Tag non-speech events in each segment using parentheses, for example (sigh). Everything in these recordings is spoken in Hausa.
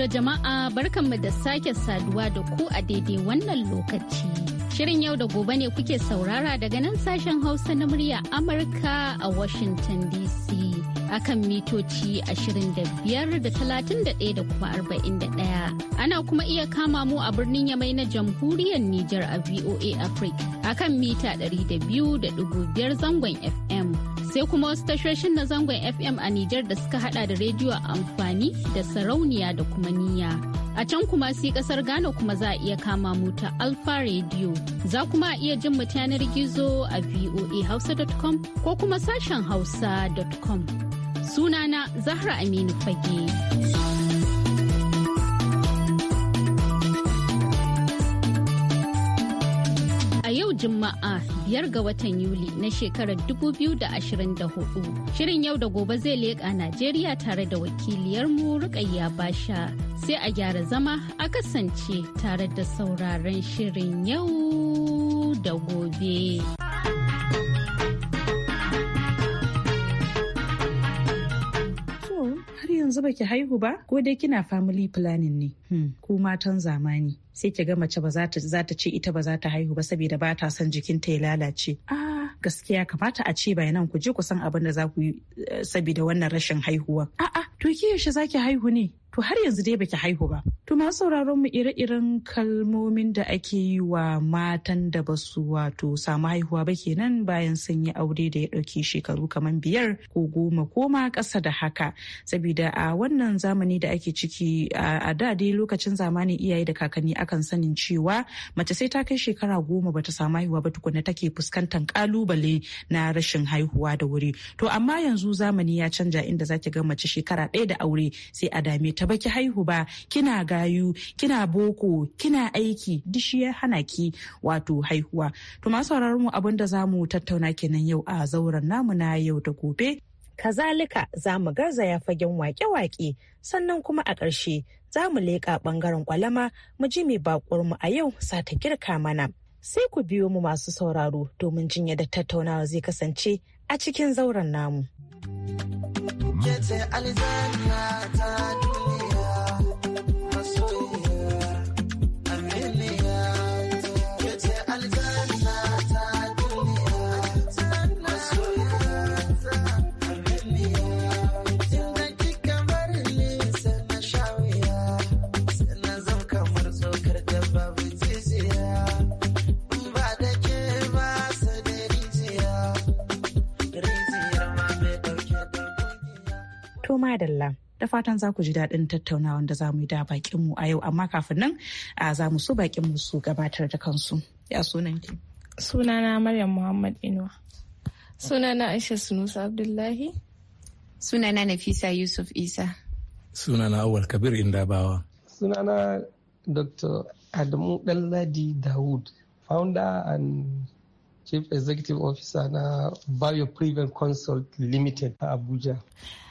To jama'a barkanmu da sake saduwa da ku a daidai wannan lokaci. Shirin yau da gobe ne kuke saurara daga nan sashen Hausa na murya Amurka a Washington DC. akan mitoci 25 da 31 kuma 41. Ana kuma iya kama mu a birnin Yamai na jamhuriyar Nijar a VOA Africa akan mita 200.5 zangon FM. Sai kuma wasu tashoshin na zangon FM a Nijar da suka hada da rediyo amfani da sarauniya da kuma niyya. A can kuma sai kasar Ghana kuma za a iya kama mu ta Alfa Radio. Za kuma a iya jin mu yanar gizo a voahausa.com ko kuma sashen hausa.com. Sunana Zahra Aminu Fage. a yau Juma'a biyar ga watan Yuli na shekarar 2024. Shirin yau da gobe zai leƙa Najeriya tare da wakiliyarmu Rukayya Basha. Sai a gyara zama a kasance tare da sauraron shirin yau da gobe. yanzu ki haihu ba ko dai kina family planning ne hmm. ko matan zamani sai ki ga mace ba za ta ce ita ba za ta haihu ba saboda ba ta son jikinta ya lalace a gaskiya kamata a ce bayanan ku je ku san abin da za ku yi eh, saboda wannan rashin haihuwa a'a to ki yaushe zaki haihu ne to har yanzu dai baki haihu ba. To masu sauraron mu ire-iren kalmomin da ake yi wa matan da ba su wato samu haihuwa ba kenan bayan sun yi aure da ya ɗauki shekaru kamar biyar ko goma ko ma ƙasa da haka. Sabida a wannan zamani da ake ciki a da dai lokacin zamanin iyaye da kakanni akan sanin cewa mace sai ta kai shekara goma bata samu haihuwa ba tukunna take fuskantar kalubale na rashin haihuwa da wuri. To amma yanzu zamani ya canja inda zaki ga mace shekara ɗaya da aure sai a dame ta baki haihu ba kina gayu kina boko kina aiki duk shi ya hana ki wato haihuwa to masu mu abin da zamu tattauna kenan yau a zauren namu na yau da gobe kazalika za mu ya fagen wake-wake sannan kuma a ƙarshe za mu leƙa ɓangaren kwalama mu ji mai mu a yau sa ta girka mana sai ku biyo mu masu sauraro domin jin yadda tattaunawa zai kasance a cikin zauren namu. Kete Alexandra madalla. Da fatan za ku ji daɗin tattaunawa da za mu yi da bakinmu a yau amma kafin nan za mu so bakinmu su gabatar da kansu. Ya sunan ki? Sunana Maryam Muhammad Inuwa. Sunana Aisha Sunusa Abdullahi. Sunana Nafisa Yusuf Isa. Sunana Awal Kabir Indabawa. Sunana Dr. Adamu Ɗanladi Dawud, founder and Chief Executive Officer na BioPrevent Consult Limited a Abuja.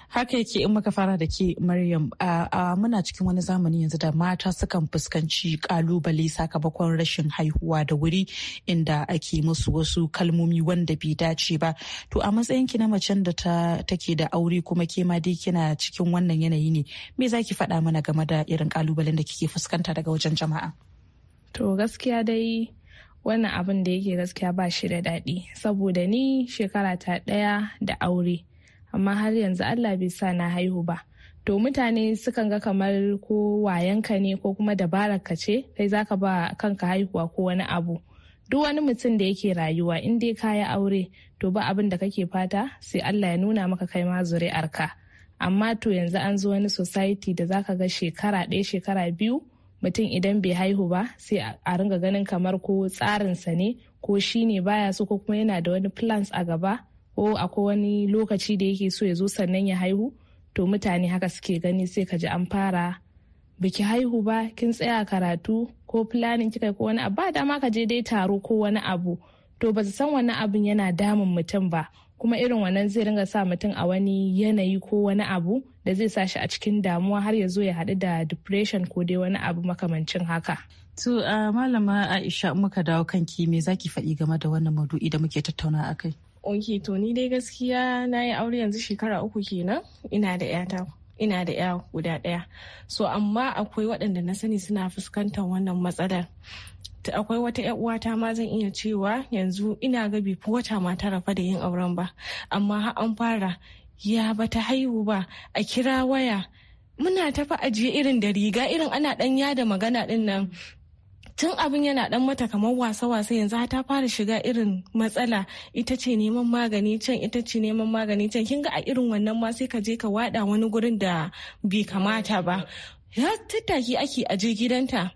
haka yake in muka fara da ke maryam muna cikin wani zamani yanzu da mata sukan fuskanci kalubale sakamakon rashin haihuwa da wuri inda ake musu wasu kalmomi wanda bai dace ba to a matsayin ki na macen da ta take da aure kuma ke ma dai kina cikin wannan yanayi ne me za ki faɗa mana game da irin kalubalen da kike fuskanta daga wajen jama'a to gaskiya dai wannan abin da yake gaskiya ba shi da daɗi saboda ni shekara ta ɗaya da aure amma har yanzu Allah bai sa na haihu ba to mutane sukan ga kamar ko wayanka ne ko kuma ka ce kai zaka ba kanka haihuwa ko wani abu duk wani mutum da yake rayuwa in dai kaya aure to ba abin da kake fata sai Allah ya nuna maka kai ma zuri'arka amma to yanzu an zo wani society da zaka ga shekara ɗaya shekara biyu mutum idan bai haihu ba sai a ringa ganin kamar ko tsarinsa ne ko shi ne baya so ko kuma yana da wani plans a gaba ko akwai wani lokaci da yake so ya zo sannan ya haihu to mutane haka suke gani sai ka ji an fara biki haihu ba kin tsaya karatu ko planning kika ko wani abu ba dama ka je dai taro ko wani abu to ba su san wani abin yana damun mutum ba kuma irin wannan zai ringa sa mutum a wani yanayi ko wani abu da zai sa shi a cikin damuwa har ya zo ya haɗu da depression ko dai wani abu makamancin haka. To ah, malama Aisha muka dawo kanki me zaki faɗi game da wannan maudu'i da muke tattauna akai? ok to ni dai gaskiya na yi aure yanzu shekara uku kenan ina da yata ina da ya guda ɗaya so amma akwai waɗanda na sani suna fuskantar wannan matsalar akwai wata uwa uwata ma zan iya cewa yanzu ina ga bai fi wata ma ta rafa da yin auren ba amma har an fara ya bata haihu ba a kira waya muna tafa ajiye irin da riga irin ana ɗanya yada magana ɗin nan tun abin yana dan mata kamar wasa-wasa yanzu ta fara shiga irin matsala ita ce neman magani can ita ce neman magani can kin ga a irin wannan ma sai ka je ka wada wani gurin da bai kamata ba ya tattaki ake aje gidanta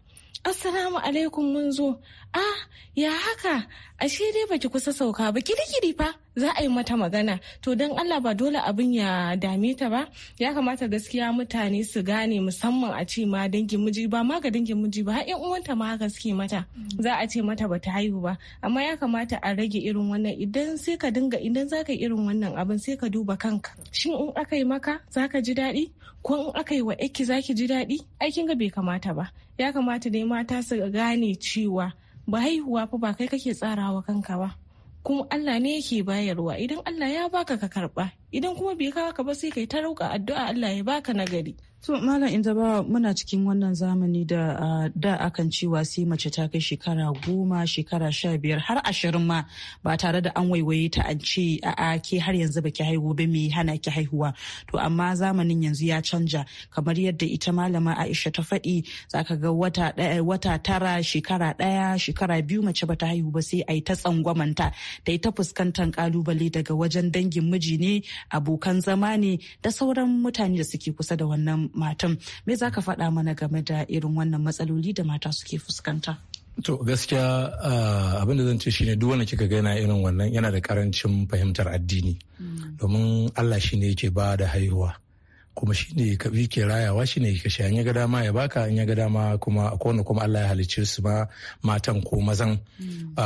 assalamu alaikum mun zo ah ya haka ashe dai baki kusa sauka ba kirikiri fa za a yi mata magana to don allah ba dole abin ya dame ta ba ya kamata gaskiya mutane su gane musamman a ce ma dangin miji ba ma ga dangin miji ba yan uwanta ma haka suke mata mm. za a ce mata bata haihu ba amma ya kamata a rage irin wannan idan sai ka dinga idan za ka irin wannan abin sai ka duba kanka shin in aka yi maka za ka ji daɗi ko in aka yi wa yaki za ki ji daɗi aikin ga bai kamata ba ya kamata dai mata su gane cewa ba haihuwa fa ba kai kake tsarawa kanka ba kuma Allah ne yake bayarwa idan Allah ya baka ka karba idan kuma bai kawo ka ba sai kai ta rauka addu'a Allah ya baka nagari To Malam zaba muna cikin wannan zamani da da akan cewa sai mace ta kai shekara goma shekara sha biyar har ashirin ma ba tare da an waiwaye ta an ce a ke har yanzu ba ki haihu ba me hana ki haihuwa to amma zamanin yanzu ya canja kamar yadda ita malama Aisha ta faɗi ka ga wata ɗaya wata tara shekara ɗaya shekara biyu mace ba ta haihu ba sai a yi ta tsangwamanta ta yi ta fuskantar kalubale daga wajen dangin miji ne abokan zama ne da sauran mutane da suke kusa da wannan matan me za ka faɗa mana game da irin wannan matsaloli da mata suke fuskanta To gaskiya abin da zan ce shine duk wanda kika gana irin wannan yana da karancin fahimtar addini. Hmm. Domin Allah shine yake ba da haihuwa. Kuma shine ka bi ke rayawa shine ka sha ya ga dama ya baka in ya ga dama kuma akwai wanda kuma Allah ya halicce su ma matan ko mazan hmm.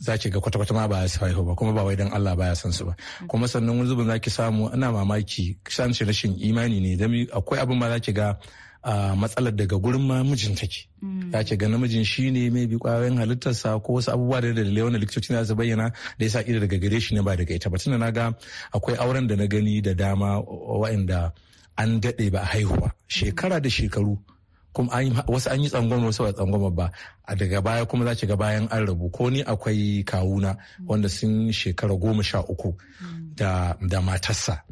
za ki ga kwata-kwata ma ba su haihu ba kuma ba wai dan Allah baya san su ba kuma sannan wani zubin zaki samu ina mamaki san rashin imani ne dan akwai abin ma za ki ga a matsalar daga gurin ma mijin take ya mm. ce ga namijin shi ne mai bi kwayoyin halittarsa ko wasu abubuwa da dalilai wanda likitoci za su bayyana da ya sa ido daga gare shi ne ba daga ita ba tunda na ga akwai auren da na gani da dama wa'inda an daɗe ba haihuwa shekara da shekaru kuma wasu an yi tsangwama wasu ba tsangwama ba a daga baya kuma za ga bayan an rabu ko ni akwai kawuna wanda sun shekara goma sha uku mm. da matarsa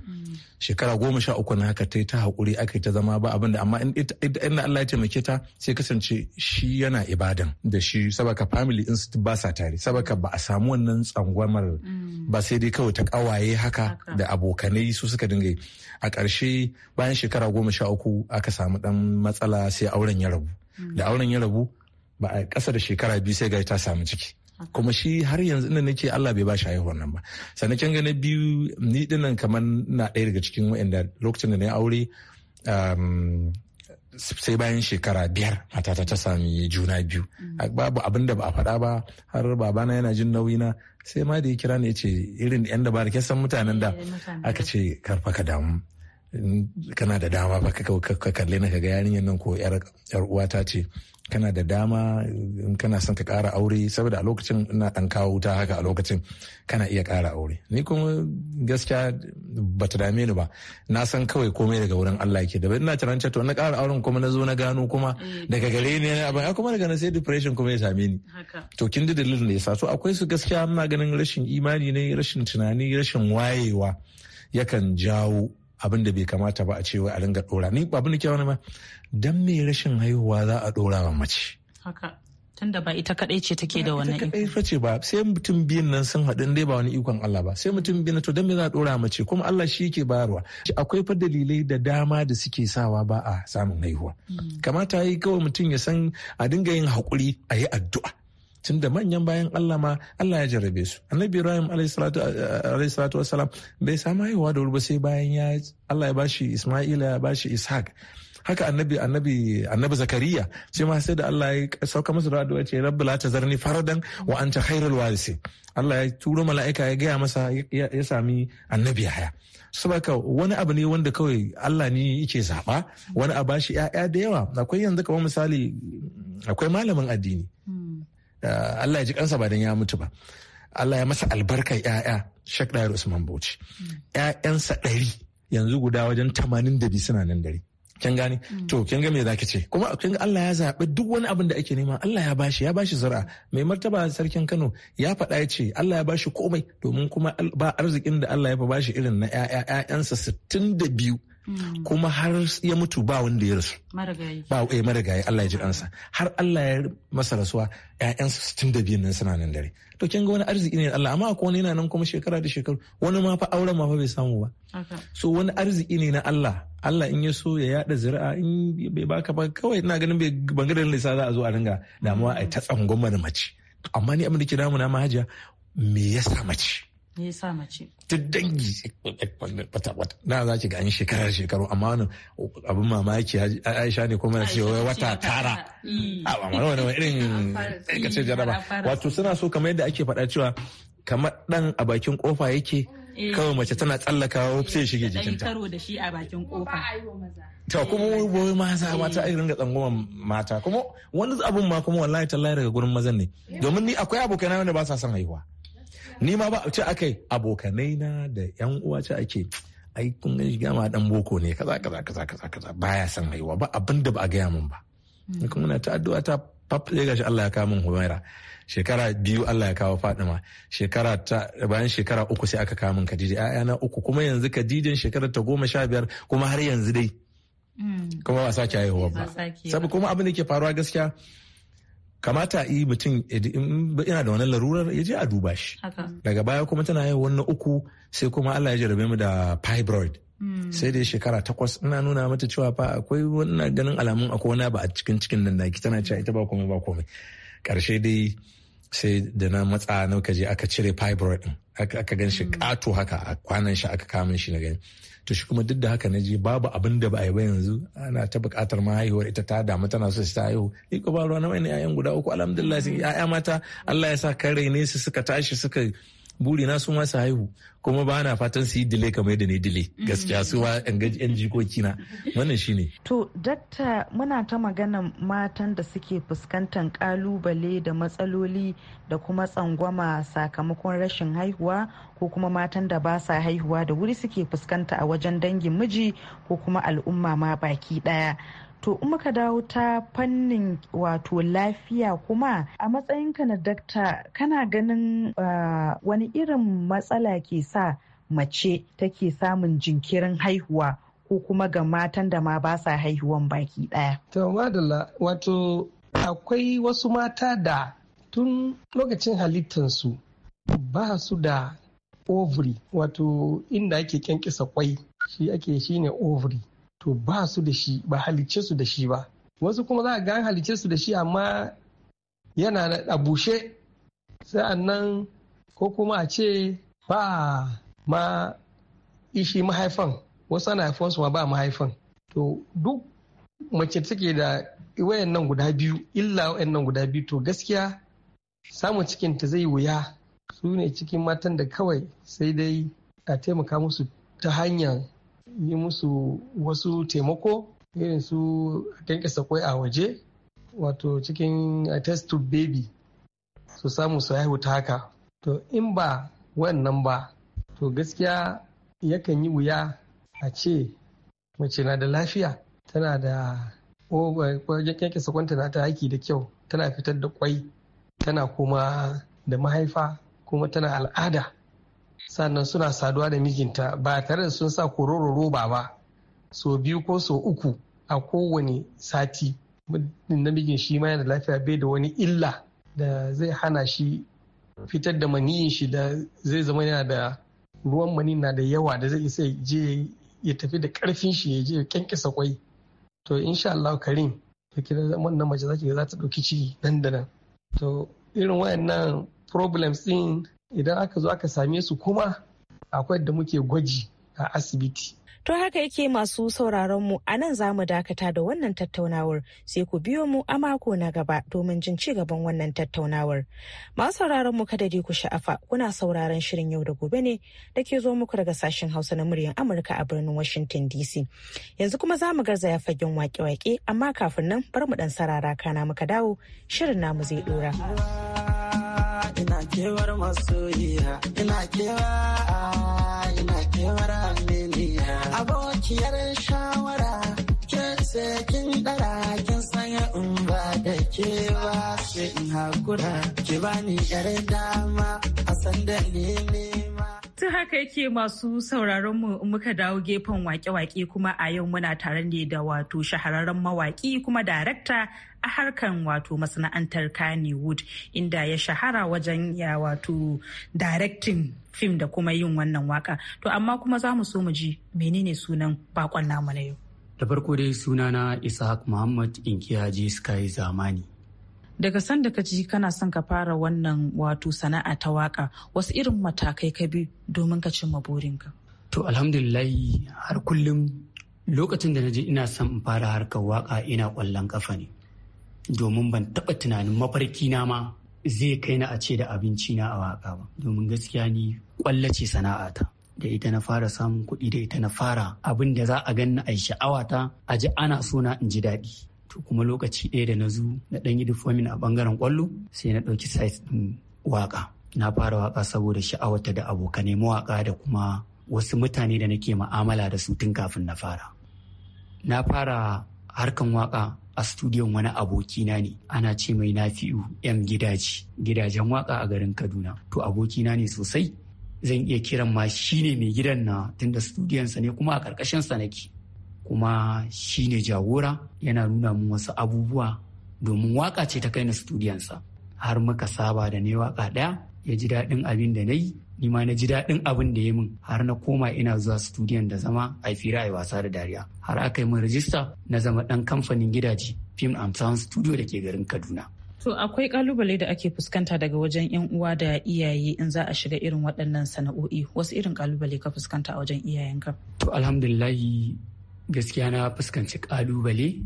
shekara goma sha uku na haka ta yi ta haƙuri aka ta zama ba abin da amma inda Allah ya taimake ta sai kasance shi yana ibadan da shi sabaka family in ba sa tare sabaka ba a samu wannan tsangwamar mm. ba sai dai kawai ta kawaye haka da abokanai su suka dinga a ƙarshe bayan shekara goma sha uku aka samu dan matsala sai auren ya rabu mm. da auren ya rabu ba a ƙasa da shekara biyu sai ga ta samu ciki kuma shi har yanzu ina nake Allah bai ba shi haihuwar nan ba sannan kin ga na biyu ni dinnan kamar na ɗaya daga cikin waɗanda lokacin da na aure um, sai bayan shekara biyar matata ta sami juna biyu mm. babu abin da ba a faɗa ba har babana yana jin nauyi na sai ma da ya kira ne ce irin yan da ba da mutanen da eh, aka ce karfa ka damu kana da dama ba ka kalle na ka ga yarinyar nan ko yar uwata ce kana da dama in kana son ka kara aure saboda a lokacin ina ɗan kawo wuta haka a lokacin kana iya kara aure ni kuma gaskiya ba ta dame ni ba na san kawai komai daga wurin Allah yake da ina tunanin cewa na ƙara auren kuma na zo na gano kuma mm. daga gare ni abin ya kuma daga na sai depression kuma ya same ni to kin da dalilin da yasa to akwai su gaskiya ina ganin rashin imani ne rashin tunani rashin wayewa yakan jawo abin da bai kamata ba a ce wai a dinga dora ni abin da ke wani ba dan me rashin haihuwa za a dora wa mace haka tunda ba ita kadai ce take da wannan ita kadai ce ba sai mutum biyun nan sun haɗu dai ba wani ikon Allah ba sai mutum biyun to dan me za a dora mace kuma Allah shi yake bayarwa akwai fa dalilai da dama da suke sawa ba a samun haihuwa hmm. kamata yi kawai mutum ya san a dinga yin hakuri a yi addu'a tunda manyan bayan Allah ma Allah ya jarrabe su annabi Ibrahim alayhi salatu wassalam bai samu haihuwa da wuri sai bayan ya Allah ya bashi Isma'ila ya bashi Ishaq haka annabi annabi annabi zakariya sai ma sai da Allah ya sauka masa da addu'a ce rabbi la tazarni faradan wa anta khairul warisi Allah ya turo mala'ika ya gaya masa ya sami annabi haya saboda wani abu ne wanda kawai Allah ne yake zaba wani abu bashi ƴaƴa da yawa akwai yanzu kamar misali akwai malamin addini Eh, Allah ya ji kansa ba dan ya mutu ba Allah ya masa albarkar yaya Sheikh Dayar Usman Bauchi yayansa ɗari yanzu guda wajen tamanin da biyu suna nan dare kin gane to kin ga me ki ce kuma kin ga Allah ya zaɓi duk wani abin da ake nema Allah ya bashi ya bashi zura mai martaba sarkin Kano ya faɗa ya ce Allah ya bashi komai domin kuma ba arzikin da Allah ya fa bashi irin na yayansa sittin da biyu. Mm. kuma har ya mutu ba wanda ya rasu ba eh marigayi Allah ya ji ansa mm. har Allah ya masa rasuwa ƴaƴansa 62 nan suna nan dare to kin ga wani arziki ne Allah amma akwai wani yana nan kuma shekara da shekaru wani ma fa auren ma fa bai samu ba so wani arziki ne na Allah Allah in ya so ya yada zira'a in bai baka ba kawai ina ganin bai bangaren lissa za a zo a dinga damuwa a ta tsangon mace amma ni abin da ke damuna ma hajiya me yasa mace ya sa mace duk dangi Na kwata za ki ga an shekarar shekaru amma wani abin mamaki aisha ne kuma ce wai wata tara a mm. ah, wani wani irin (laughs) kace jaraba wato suna so kamar yadda ake faɗa cewa kamar dan a bakin kofa yake eh. kawai mace tana tsallakawa eh, sai shige jikinta karo da shi a bakin ƙofa. ta kuma wai maza eh. mata ai ringa tsangwama mata kuma wani abun ma kuma wallahi tallahi daga gurin mazan ne domin ni akwai abokai na wanda ba sa son haihuwa ni ma ba ce akai abokanai na da yan uwa ce ake ai kun ga shiga ma dan boko ne kaza kaza kaza kaza kaza baya san haihuwa ba abinda ba a gaya min ba ni mm. kuma na ta addu'a ta ga shi Allah ya kawo min Humaira shekara biyu Allah ya kawo Fadima shekara ta bayan shekara uku sai aka kawo min Khadija na uku kuma yanzu Khadijan shekara ta goma sha biyar kuma har yanzu dai mm. kuma ba sake haihuwa ba saboda kuma abin da ke faruwa gaskiya kamata yi mutum ina da wannan larurar ya je a duba shi daga baya kuma tana yin wannan uku sai kuma Allah ya jarabe mu da fibroid hmm. sai dai shekara takwas ina nuna mata cewa fa akwai wannan ganin alamun akwai wani ba a cikin cikin nan da tana cewa ita ba komai ba komai karshe dai sai da na matsa na kaje aka cire fibroid din aka gan shi kato mm. haka a kwanan shi aka kama shi na gani to shi kuma duk da haka na je babu abin da ba a yi ba yanzu ana ta buƙatar mahaihuwar ita ta damu tana so ta haihu ko ba ruwa na wani 'ya'yan guda uku alhamdulillah sun 'ya'ya mata Allah ya sa kan raine su suka tashi suka buri na su masu haihu kuma ba na fatan su yi dile kamar yadda ne dile mm-hmm. gaskiya su wa yan jikoki na wannan shine to dakta muna ta magana matan da suke fuskantar kalubale da matsaloli da kuma tsangwama sakamakon rashin haihuwa ko kuma matan da ba sa haihuwa da wuri suke fuskanta a wajen dangin miji ko kuma al'umma ma baki ɗaya. to in muka dawo ta fannin wato lafiya kuma a matsayinka na dakta kana ganin uh, wani irin matsala ke sa mace take samun jinkirin haihuwa ko kuma ga matan da ma ba sa haihuwan baki daya. To madalla wato akwai wasu mata da tun lokacin halittarsu ba su da ovary wato inda ake kyankisa kwai shi ake shine ovary to ba su da shi ba halicce su da shi ba wasu kuma za a ga halicce su da shi amma yana a bushe sa'annan ko kuma a ce ba ma ishi mahaifan wasu ana su ma ba mahaifan to duk mace take da wayan nan guda biyu illa wayan nan guda biyu to gaskiya samun cikin ta zai wuya su ne cikin matan da kawai sai dai a taimaka musu ta hanyar yi musu wasu taimako irin su kyankyasa kwai a waje wato cikin a test tube baby su samu su haihu ta haka to in ba wannan ba to gaskiya yakan yi wuya a ce mace na da lafiya tana da kyankyasa kwanta na ta haiki da kyau tana fitar da kwai tana kuma da mahaifa kuma tana al'ada sannan suna saduwa da mijinta ba tare da sun sa kororo roba ba so biyu ko so uku a kowane sati namijin shi ma yana lafiya bai da wani illa da zai hana shi fitar da maniyin shi da zai zama yana da ruwan mani na da yawa da zai isa je ya tafi da karfin shi ya je ya kyankyasa kwai to insha Allah karim to kira wannan mace zaki za ta dauki ciki nan da nan to irin wayannan problems din idan aka zo aka same su kuma akwai da muke gwaji a asibiti To haka yake masu sauraron mu a nan za mu dakata da wannan tattaunawar sai ku biyo mu a mako na gaba domin jin ci gaban wannan tattaunawar. Masu sauraron mu kada ku sha'afa kuna sauraron shirin yau da gobe ne da ke zo muku daga sashen Hausa na muryar Amurka a birnin Washington DC. Yanzu kuma za mu garzaya fagen wake-wake amma kafin nan bar mu dan sarara kana muka dawo shirin namu zai dora. kewar masoyiya ina kewa ina kewar aminiya abokiyar shawara ke sai kin dara kin sanya in ba da kewa sai in hakura ki bani yar dama a sanda ne ta haka yake masu sauraron mu muka dawo gefen wake-wake kuma a yau muna tare ne da wato shahararren mawaki kuma darakta a harkan wato masana'antar Kannywood inda ya shahara wajen ya wato directing fim da kuma yin wannan waka. To amma kuma za mu so mu ji menene sunan bakon namu na yau. Da farko dai sunana isaac Muhammad Inkiyaji Sky Zamani. daga sanda ka ji kana son ka fara wannan wato sana'a ta waka wasu irin matakai ka bi domin ka cimma burinka to alhamdulillahi har kullum lokacin da na je ina son in fara harkar waka ina kwallon kafa ne domin ban taba tunanin mafarki na ma zai kai na a ce da abinci na a waka ba domin gaskiya ni kwalla ce ta. da ita na fara samun kuɗi da ita na fara abin da za a ganni a yi sha'awata a ji ana so na in ji daɗi to kuma lokaci ɗaya da na zu na ɗan yi difomin a ɓangaren ƙwallo sai na ɗauki site ɗin waƙa na fara waƙa saboda sha'awata da abokanai mawaƙa da kuma wasu mutane da nake ma'amala da su tun kafin na fara na fara harkan waƙa a studiyon wani abokina ne ana ce mai nafi'u yan gidaji gidajen waƙa a garin kaduna to abokina ne sosai zan iya kiran ma shi ne mai gidan na tunda studiyonsa ne kuma a ƙarƙashin sa nake kuma shi ne jagora yana nuna mun wasu abubuwa domin waka ce ta kai na studiyansa har muka saba da ne waka ɗaya ya ji daɗin abin da na yi ni ma na ji daɗin abin da ya min har na koma ina zuwa studiyon da zama a fira a wasa da dariya har aka yi min rajista na zama ɗan kamfanin gidaje film and sound studio da ke garin kaduna To akwai kalubale da ake fuskanta daga wajen 'yan uwa da iyaye in za a shiga irin waɗannan sana'o'i wasu irin kalubale ka fuskanta a wajen iyayenka? To alhamdulillahi gaskiya na fuskanci ƙalubale,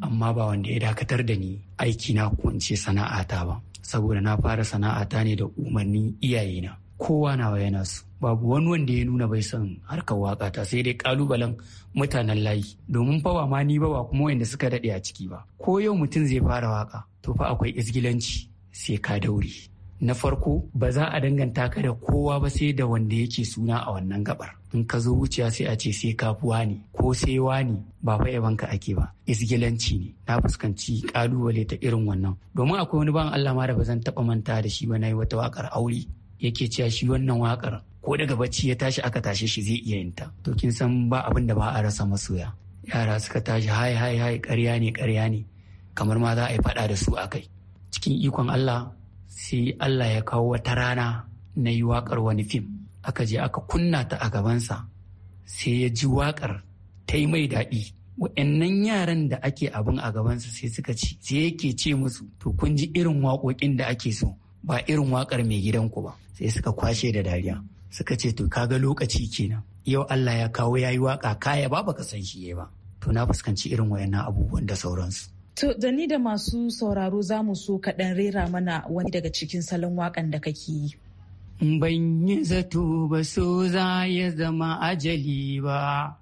amma ba wanda ya dakatar da ni aiki na sana'a ta ba saboda na fara sana'ata ne da umarnin iyayena kowa nawa yana su babu wani wanda ya nuna bai san harkar waka ta sai dai ƙalubalen mutanen layi domin fa ba ma ni ba ba kuma wanda suka daɗe a ciki ba ko yau mutum zai fara waka to fa akwai isgilanci sai ka daure na farko ba za a danganta ka da kowa ba sai da wanda yake suna a wannan gabar in ka zo wuciya sai a ce sai kafuwa ne ko sai wani ba fa yabanka ake ba isgilanci ne na fuskanci kalubale ta irin wannan domin akwai wani ban Allah ma da ba zan taba manta da shi ba nayi wata wakar aure yake cewa shi wannan wakar ko daga bacci ya tashi aka tashe shi zai iya yin ta to kin san ba abin da ba a rasa masoya yara suka tashi hai hai hai ƙarya ne ƙarya ne kamar ma za a yi faɗa da su a kai cikin ikon Allah sai Allah ya kawo wata rana na yi waƙar wani fim aka je aka kunna ta a gabansa sai ya ji waƙar ta yi mai daɗi wa'annan yaran da ake abin a gabansa sai suka ci sai yake ce musu to kun ji irin waƙoƙin da ake so ba irin waƙar mai gidanku ba sai suka kwashe da dariya suka ce to kaga lokaci kenan yau Allah ya kawo ya yi waƙa kaya ba baka san shi ba to na fuskanci irin wayannan abubuwan da sauransu To da ni da masu sauraro za mu so kaɗan rera mana wani daga cikin salon waƙan da kake yi. Ban yi zato ba so za ya zama ajali ba,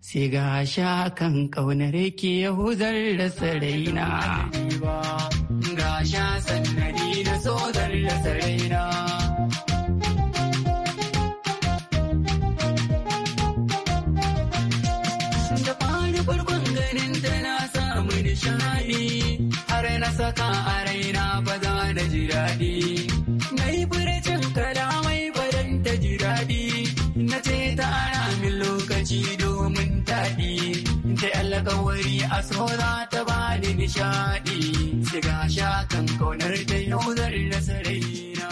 sai ga sha kan ƙaunar ke ya huzar da saraina. Ga sha sannari na so zar da saraina. saka a raina ba za na ji daɗi. Na yi furcin kalamai ba dan ta ji daɗi, na ce ta ana min lokaci domin daɗi. Ta alkawari a so za ta bani nishaɗi, siga shakan kaunar ta yau zan rasa raina.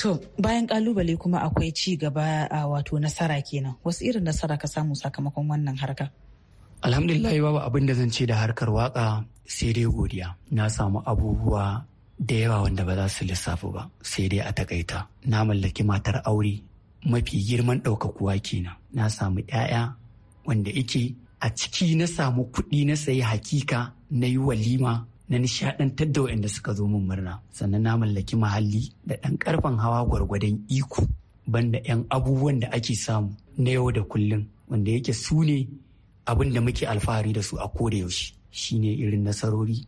To bayan kalubale kuma akwai ci gaba a wato nasara kenan wasu irin nasara ka samu sakamakon wannan harka. alhamdulillah babu abin da zan ce da harkar waka sai dai godiya na samu abubuwa da yawa wanda ba za su lissafu ba sai dai a takaita na mallaki matar aure mafi girman ɗaukakuwa kenan na samu 'ya'ya wanda ike a ciki na samu kuɗi na sayi hakika na yi walima na nishaɗantar da waɗanda suka zo min murna sannan na mallaki mahalli da ɗan ƙarfen hawa gwargwadon iko banda 'yan abubuwan da ake samu na yau da kullum wanda yake su ne abin da muke alfahari da su a koda yaushe shine irin nasarori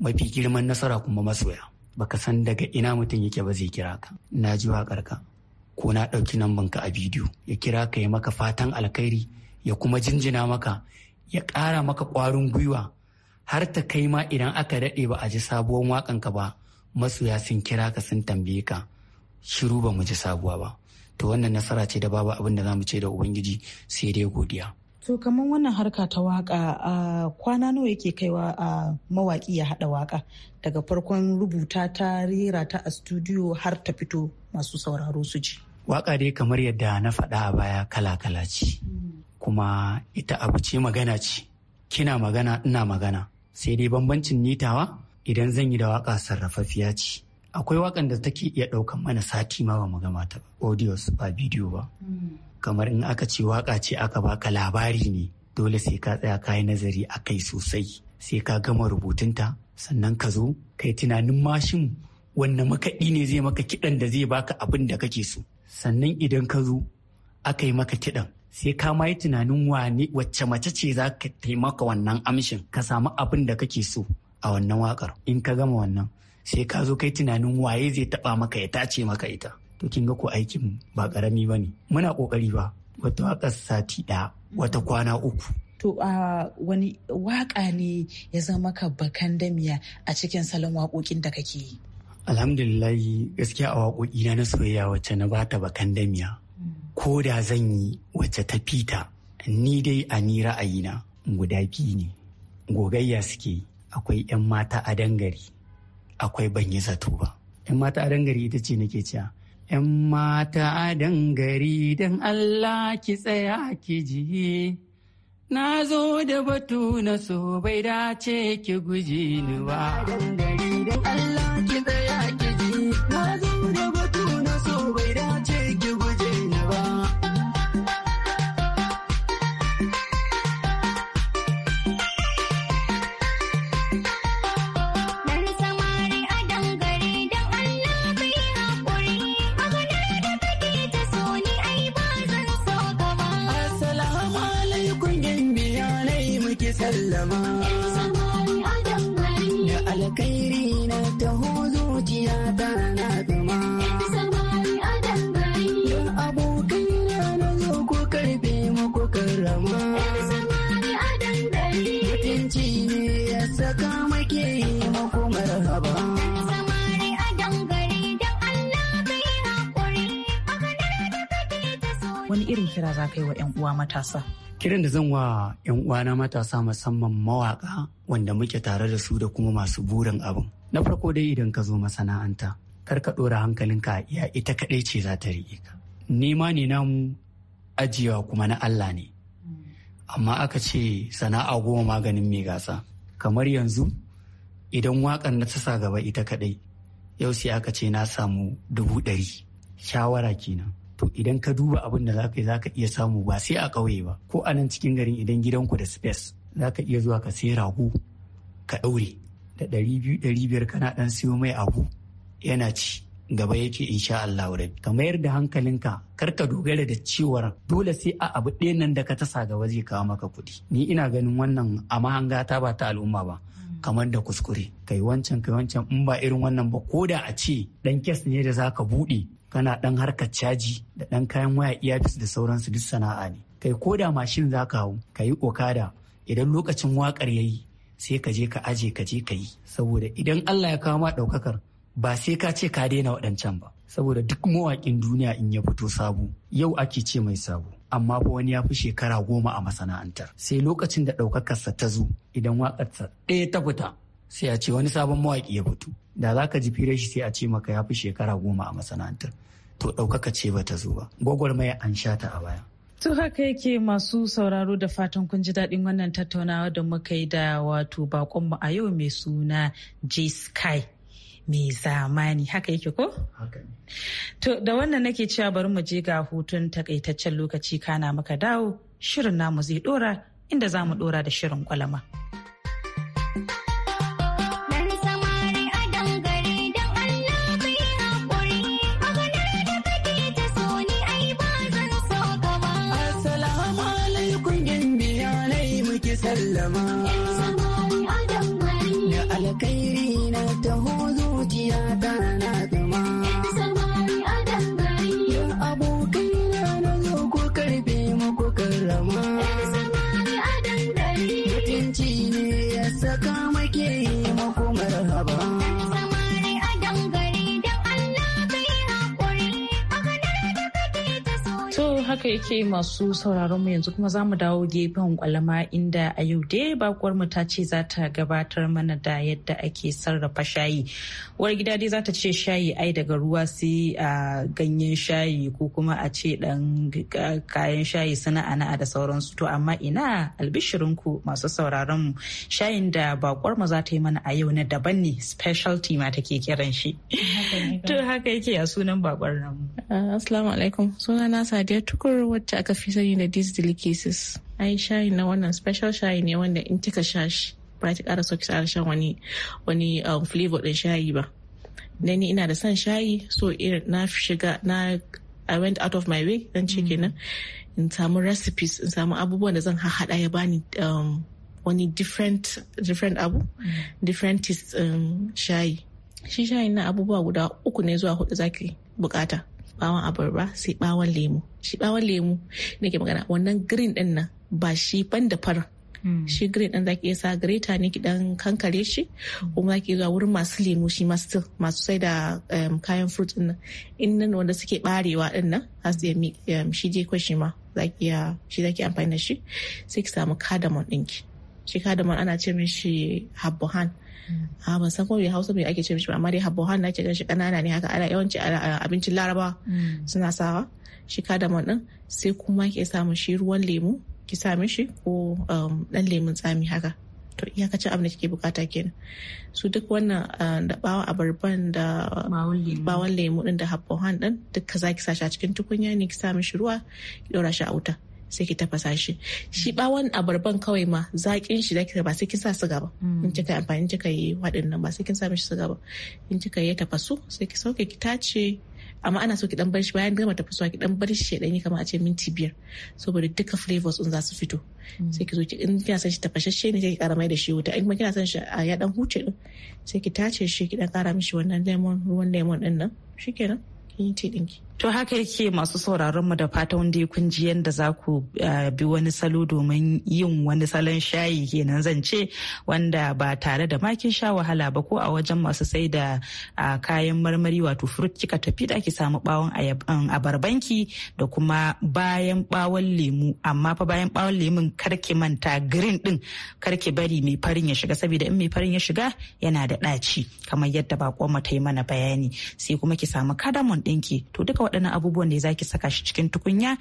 mafi girman nasara kuma masoya baka san daga ina mutum yake ba zai kira ka na ji waƙar ka ko na ɗauki nan ka a bidiyo ya kira ka ya maka fatan alkhairi ya kuma jinjina maka ya ƙara maka ƙwarin gwiwa har ta kai ma idan aka daɗe ba a ji sabuwar ka ba masoya sun kira ka sun tambaye ka shiru ba mu ji sabuwa ba to wannan nasara ce da babu abin da za mu ce da ubangiji sai dai godiya So kamar wannan harka ta waka a kwana nawa yake kaiwa a mawaki ya hada waka daga farkon rubuta ta rera ta a studio har ta fito masu sauraro su ji. Waka dai kamar yadda na faɗa a baya kala-kala ce. Kuma ita abu ce magana ce. Kina magana ina magana. Sai dai bambancin nitawa idan zan yi da waka sarrafafiya ce. Akwai wakan da take iya ɗaukan mana sati ma ba mu gama ta Audios ba bidiyo ba. Hmm. kamar in aka ce waka ce aka baka labari ne dole sai ka tsaya kayi nazari a kai sosai sai ka gama rubutunta sannan ka zo kai tunanin mashin wanne makaɗi ne zai maka kiɗan da zai baka abin da kake so sannan idan ka zo aka yi maka kiɗan sai ka ma yi tunanin wane wacce mace ce za ka taimaka wannan amshin ka samu abin da kake so a wannan wakar in ka gama wannan sai ka zo kai tunanin waye zai taɓa maka ya tace maka ita to kin ga ko aikin ba karami ba ne muna kokari ba wata waka sati ɗaya wata kwana uku to a wani waka ne ya zama ka bakan damiya a cikin salon waƙoƙin da kake yi alhamdulillahi gaskiya a waƙoƙi na soyayya wacce na bata bakan damiya ko da zan yi wacce ta fita ni dai a ni ra'ayina guda biyu ne gogayya suke akwai 'yan mata a dangare akwai ban yi zato ba 'yan mata a dangare ita ce nake cewa ‘Yan mata dan gari don Allah ki tsaya ki ji, na zo da batu na so bai dace ki guji ni ba. Allah kira za ka yi wa 'yan uwa matasa? Kiran da zan wa 'yan uwana matasa musamman mawaka wanda muke tare da su da kuma masu burin abin. Na farko dai idan ka zo masana'anta, kar ka ɗora hankalinka ya ita kaɗai ce za ta riƙe ka. Nema ne namu ajiyewa kuma na Allah ne. Amma aka ce sana'a goma maganin mai gasa. Kamar yanzu idan waƙar na ta sa gaba ita kaɗai, yau sai aka ce na samu dubu ɗari. Shawara kenan. to idan ka duba abin da zaka yi zaka iya samu ba sai a ƙauye ba ko a nan cikin garin idan gidanku da space zaka iya zuwa ka sai ragu ka ɗaure da ɗari biyu ɗari biyar kana ɗan siyo mai abu yana ci gaba yake insha Allah wurin ka mayar da hankalinka kar ka dogara da cewar dole sai a abu ɗaya nan da ka tasa gaba zai kawo maka kuɗi ni ina ganin wannan a mahanga ta ba ta al'umma ba mm. kamar da kuskure kai wancan kai wancan in ba irin wannan ba ko da a ce dan kes ne da zaka buɗe kana ɗan harkar caji da ɗan kayan waya iya da sauransu duk sana'a ne kai ko da mashin za ka hau ka yi okada idan lokacin wakar ya yi sai ka je ka aje ka je ka yi saboda idan allah ya kawo ma ɗaukakar ba sai ka ce ka daina waɗancan ba saboda duk mawaƙin duniya in ya fito sabo yau ake ce mai sabo. amma fa wani ya fi shekara goma a masana'antar sai lokacin da ɗaukakarsa ta zo idan wakarsa ɗaya ta fita sai a ce wani sabon mawaƙi ya fito da za ka ji fira shi sai a ce maka ya fi shekara goma a masana'antar to ɗaukaka ce ba ta zo ba gwagwarmaya an sha ta a baya To haka yake masu sauraro da fatan kun ji daɗin wannan tattaunawa da muka yi da wato bakonmu a yau mai suna J Sky mai zamani haka yake ko? To da wannan nake cewa bari mu je ga hutun takaitaccen lokaci kana muka dawo shirin namu zai ɗora inda za mu dora da shirin kwalama. yake masu sauraron mu yanzu kuma za mu dawo gefen kwalama inda a yau dai bakuwar mu ta ce za ta gabatar mana da yadda ake sarrafa shayi. Uwar gida dai za ta ce shayi ai daga ruwa sai a ganyen shayi ko kuma a ce dan kayan shayi sana'a na da sauransu to amma ina albishirinku masu sauraron mu shayin da bakuwar mu za ta yi mana a yau na daban ne specialty ma take kiran shi. To haka yake a sunan bakuwar nan ah, Assalamu alaikum sunana Sadiya Tukur wacce aka fi sani da these delicacies ai shayi na wannan special shayi ne wanda in kika sha shi ba ta ƙara so tsara shan wani wani um, flavor din shayi ba na ni ina da son shayi so irin na shiga na I went out of my way dan ce mm. kenan in samu recipes in samu abubuwan da zan haɗa ya bani um, wani different different abu mm. different um, shayi shi shayi na abubuwa guda uku ne zuwa hudu zaki bukata bawon abarba sai bawon lemu shi bawon lemu ke magana wannan green din nan ba shi ban da fara hmm. shi green din zaki iya sa greta ne ki dan kankare shi hmm. kuma zaki zuwa wurin masu lemu shi masu masu sai da um, kayan fruit din nan in nan wanda suke barewa din nan har um, shi je kwashi ma zaki ya shi zaki amfani da shi sai ki samu cardamom ɗinki shi cardamom ana ce shi habbohan a ah, ban san ko bai hausa bai ake ce mishi amma dai habbo na ake gan shi kanana ne haka ana yawanci abincin laraba mm. suna sawa shi kadamon din sai kuma ke samu shi ruwan lemu ki sa mishi ko dan um, lemun tsami haka to iyakacin abin da kike bukata kenan su duk wannan ah, da bawa abarban da bawan lemu din da habbohan din duka zaki sa shi a cikin tukunya ne ki sa mishi ruwa ki daura shi a wuta sai ki tafasa shi shi bawon abarban kawai ma zaƙin shi zaki ba sai kin sa suga ba hmm. in kika amfani kika yi waɗannan ba sai kin sa mishi suga ba in kika yi tafasu sai ki sauke ki tace amma ana so ki dan bar shi bayan gama tafasuwa ki dan bar shi ya danyi kamar a ce minti biyar saboda duka flavors din za su fito hmm. sai ki zo ki in kina son shi tafashashe ne sai ki kara mai da shi wuta in kuma kina son shi a ya dan huce din sai ki tace shi ki dan kara mishi wannan lemon ruwan lemon din nan shikenan kin yi ti To haka yake masu sauraronmu da fatan da ya kunji yadda za ku eh, bi wani salo domin yin wani salon shayi kenan zan ce wanda ba tare da makin sha wahala ba ko a wajen masu sai da kayan marmari wato furut kika tafi da ki samu bawon um, abarbanki da kuma bayan bawon lemu amma fa bayan bawon lemun karki manta green din karki bari mai farin ya shiga saboda in mai farin ya shiga yana da ɗaci kamar yadda bakon mu ta yi mana bayani sai kuma ki samu kadamon ɗinki to duka duka waɗannan abubuwan da zaki saka shi cikin tukunya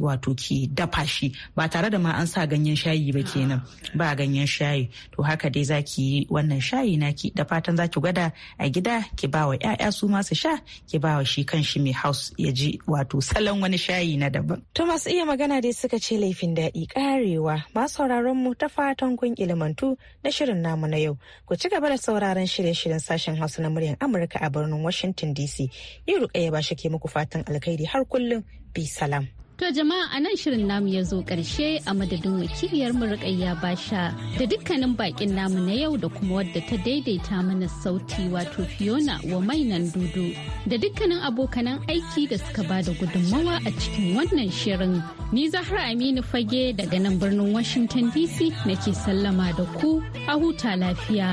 wato ki dafa shi ba tare da ma an sa ganyen shayi ba kenan ba ganyen shayi to haka dai zaki yi wannan shayi ki da fatan zaki gwada a gida ki ba wa 'ya'ya su masu sha ki ba wa shi kan shi mai house ya ji wato salon wani shayi na daban. To masu iya magana dai suka ce laifin daɗi karewa masu sauraron mu ta fatan kun ilimantu na shirin namu na yau ku ci gaba da sauraron shirye-shiryen sashen hausa na muryar amurka a birnin washington dc ni ruƙayya ba shi ke muku fatan alkhairi har kullum bi salam. To jama'a a nan shirin namu ya zo ƙarshe a madadin wakiliyar mu Basha da dukkanin baƙin namu na yau da kuma wadda ta daidaita mana sauti wato Fiona wa mainan dudu da dukkanin abokanan aiki da suka ba da gudunmawa a cikin wannan shirin. Ni Zahra Aminu Fage daga nan birnin Washington DC nake sallama da ku a huta lafiya.